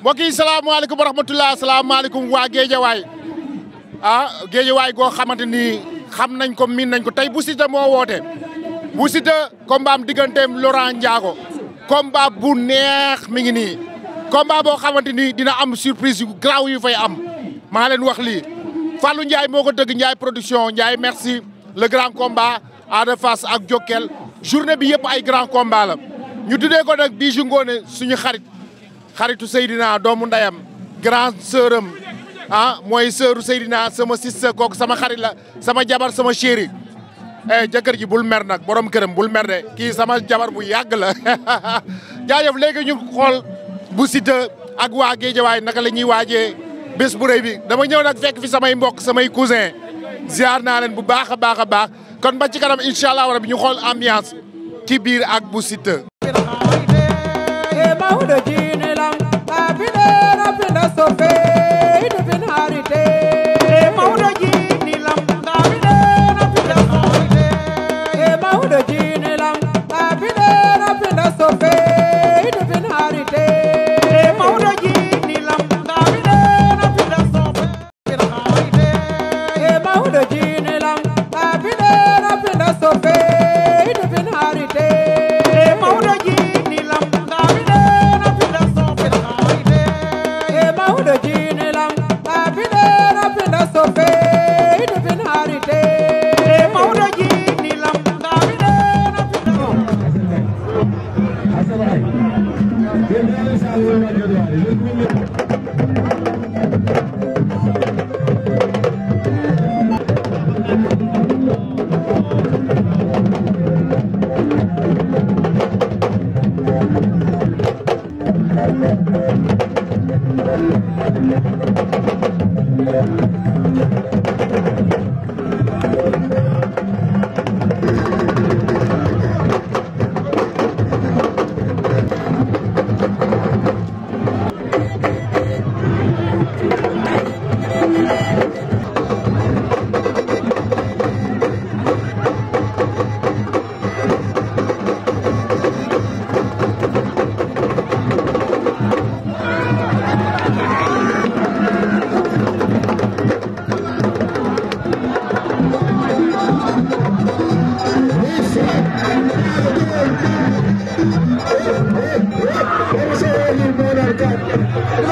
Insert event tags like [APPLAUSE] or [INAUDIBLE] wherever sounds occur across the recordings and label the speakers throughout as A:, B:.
A: mbokk yi salaamaaleykum wa rahmatulah salaamaaleykum waa Géejawaay ah Géejawaay goo xamante ni xam nañ ko miin nañ ko tey bu Siteu moo woote bu Siteu combat am digganteem Laurent Ndiago combat bu neex mi ngi nii combat boo xamante ni dina am surprise yu garaaw yu fay am maa leen wax lii Fallou Ndiaye moo ko dëgg Ndiaye production Ndiaye merci le grand combat. Ada Fass ak Jokkel journée bi yëpp ay grand combat la ñu tuddee ko nag Bijou Ngoné suñu xarit xaritu Seydina doomu ndeyam grand sœur am ah mooy sœuru Seydina sama sister kooku sama xarit la sama jabar sama chéri eh jëkkër ji bul mer nag boroom këram bul mer de kii sama jabar bu yàgg la [LAUGHS] jaajëf léegi ñu xool bu Siteu ak waa Géejawaay naka la ñuy waajee bés bu rëy bi dama ñëw nag fekk fi samay mbok samay cousin ziar naa leen bu baax a baax a baax kon ba ci kanam incha allah rabi ñu xool ambiance ci biir ak bu Siteu. Eh, Euh,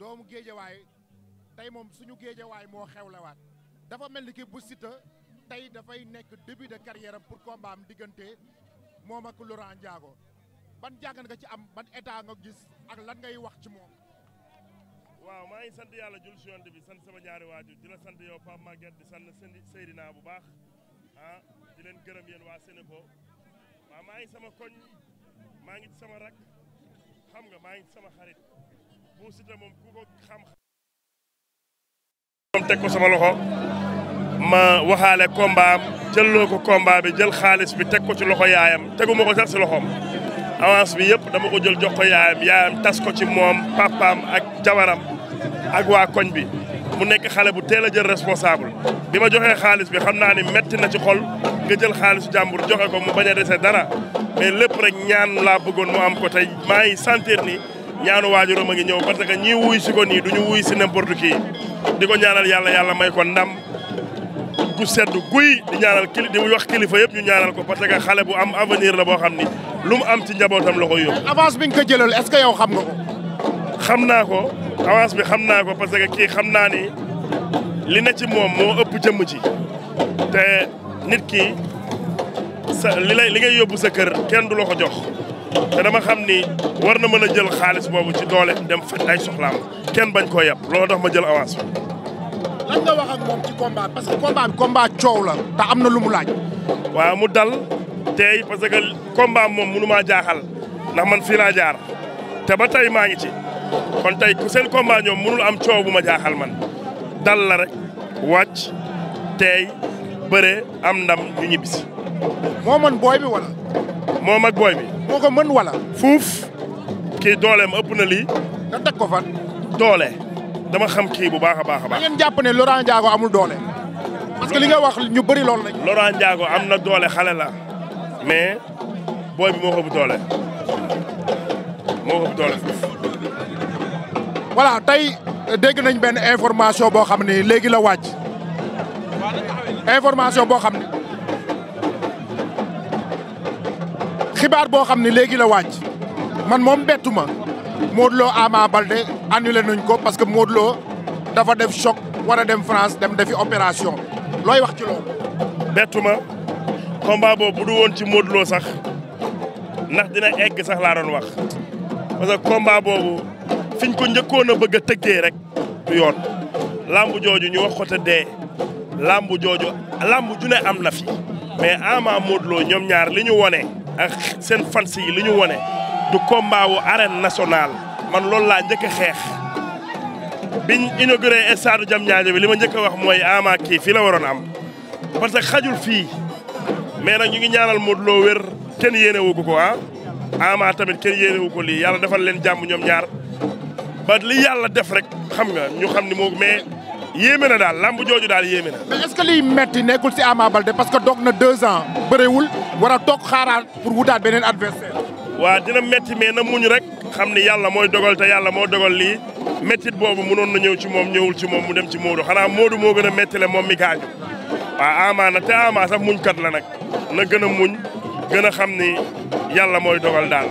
A: doomu géejawaay tey moom suñu géejawaay moo xewlewaat dafa mel ni ki bu Siteu tey dafay nekk début de carrière am pour combat am diggante moom ak Laurent Ndiago ban jàngat nga ci am ban état nga gis ak lan ngay wax ci moom.
B: waaw maa ngi sant yàlla jul si yonent bi sant sama ñaari waajur di la sant yow Pape Maguette di sant Seydina bu baax ah di gërëm yéen waa Sénégal waaw maa ngi sama koñ maa ngi sama rak xam nga maa ngi sama xarit bu Siteu moom ku ko xam. doon teg ko sama loxo ma waxaale kombaam jëlloo ko komba bi jël xaalis bi teg ko ci loxo yaayam teguma ko sax si loxoom avance bi yëpp dama ko jël jox ko yaayam yaayam tas ko ci moom papaam ak jabaram ak waa koñ bi mu nekk xale bu teel a jël responsable bi ma joxee xaalis bi xam naa ni metti na ci xol nga jël xaalisu jàmbur joxe ko mu bañ a dese dara mais lépp rek ñaan laa bëggoon mu am ko tey maa ngi sentir ni ñaanu waajuram a ngi ñëw parce que ñii wuy si ko nii duñu wuy si n'importe qui di ko ñaanal yàlla yàlla may ko ndam gu sedd guy di ñaanal kili di kilifa yëpp ñu ñaanal ko parce que xale bu am avenir la boo xam ni lu mu am ci njabootam la koy yóbbu. avance bi nga ko jëlal est que yow xam nga ko. xam naa ko avance bi xam naa ko parce que kii xam naa ni li ne ci moom moo ëpp jëmm ci te nit ki sa li lay li ngay yóbbu sa kër kenn du la ko jox. te dama xam ni war na mën a jël xaalis boobu ci doole dem faj ay soxlaam kenn bañ koo yàpp loolu tax ma jël avance
A: lan nga wax ci combat parce que combat bi combat coow la te am na lu mu laaj.
B: waaw mu dal tey parce que combat moom mënu jaaxal ndax man fii laa jaar te ba tey maa ngi ci kon tey ku seen combat mënul am coow bu ma jaaxal man dal la rek wàcc tey bëre am ndam ñu ñibbisi. moo mën booy bi wala. moo ak booy bi. moo ko mën wala. fuuf kii dooleem ëpp na lii. nga teg ko fan. doole dama xam kii bu baax a baax a baax. jàpp ne Laurent Ndiago amul doole. parce li nga wax ñu bëri loolu lañ. Laurent Ndiago am na doole xale la mais booy bi moo ko doole
A: moo ko doole fuuf. voilà tey dégg nañ benn information boo xam ne léegi la wàcc information boo xam ne. xibaar boo xam ne léegi la wàcc man moom bettu ma Modou Lo Ama Baldé annulé nañ ko parce que Modou Lo dafa def choc war a dem France dem defi opération looy wax ci loolu. bettu ma
B: combat boobu bu du woon ci Modou Lo sax ndax dina egg sax laaroon doon wax parce que combat boobu fiñ ko njëkkoon a bëgg a rek du yoon. lamb jooju ñu wax ko te dee lamb jooju lamb ju ne am na fi mais Ama ñoom ñaar li ñu wone ak seen fan si li ñu wone du combat wu arène man loolu laa njëkk a xeex biñ inauguré stade Diamniadio bi li ma njëkk a wax mooy Ama kii fii la waroon am parce que xajul fii mais nag ñu ngi ñaanal Modou Lo wér kenn yéenewu ko ko ah Ama tamit kenn yéenewu ko lii yàlla defal leen jàmm ñoom ñaar ba li yàlla def rek xam nga ñu xam ni moo mais yéeme na daal lamb jooju daal yéeme na.
A: mais est-ce que liy metti nekkul ci parce que doog na deux ans war a toog xaaraat pour wutaat beneen adversaire
B: waa dina métti mais na muñ rek xam ni yàlla mooy dogal te yàlla moo dogal lii méttit boobu mënoon na ñëw ci moom ñëwul ci moom mu dem ci Modou xanaa Modou moo gën a méttile moom mi gaañu waaw Ama na te Ama sax kat la nag na gën a muñ gën a xam ni yàlla mooy dogal daal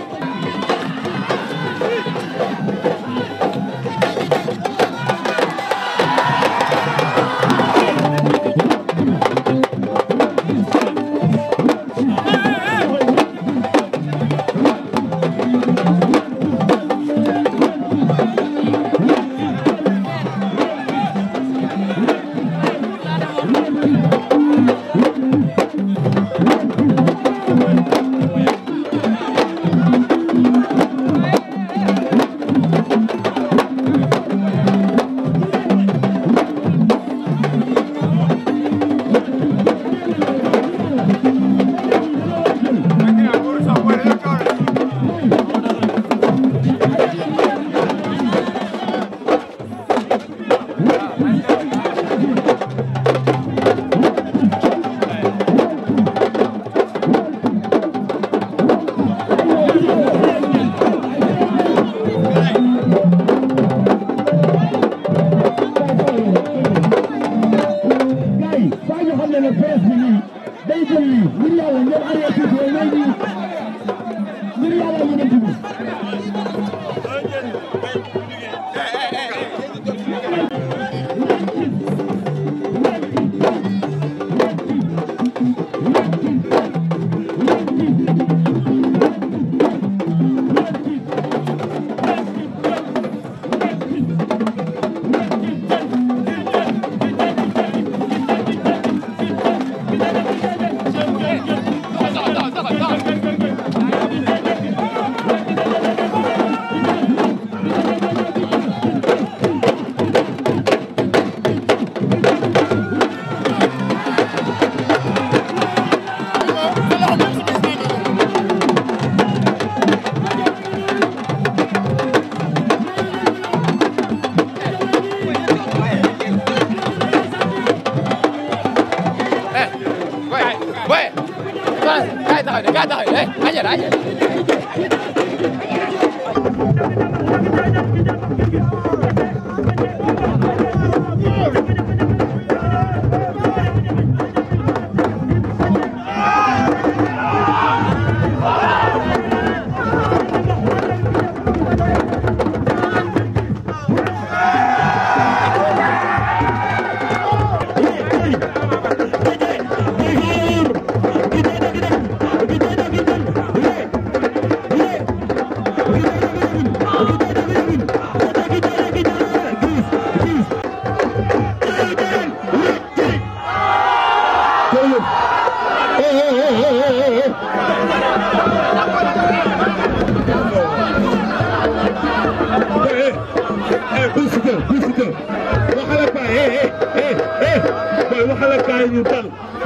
A: caralho. eh eh Bou Siteu Bou Siteu waxal ak gars yi eh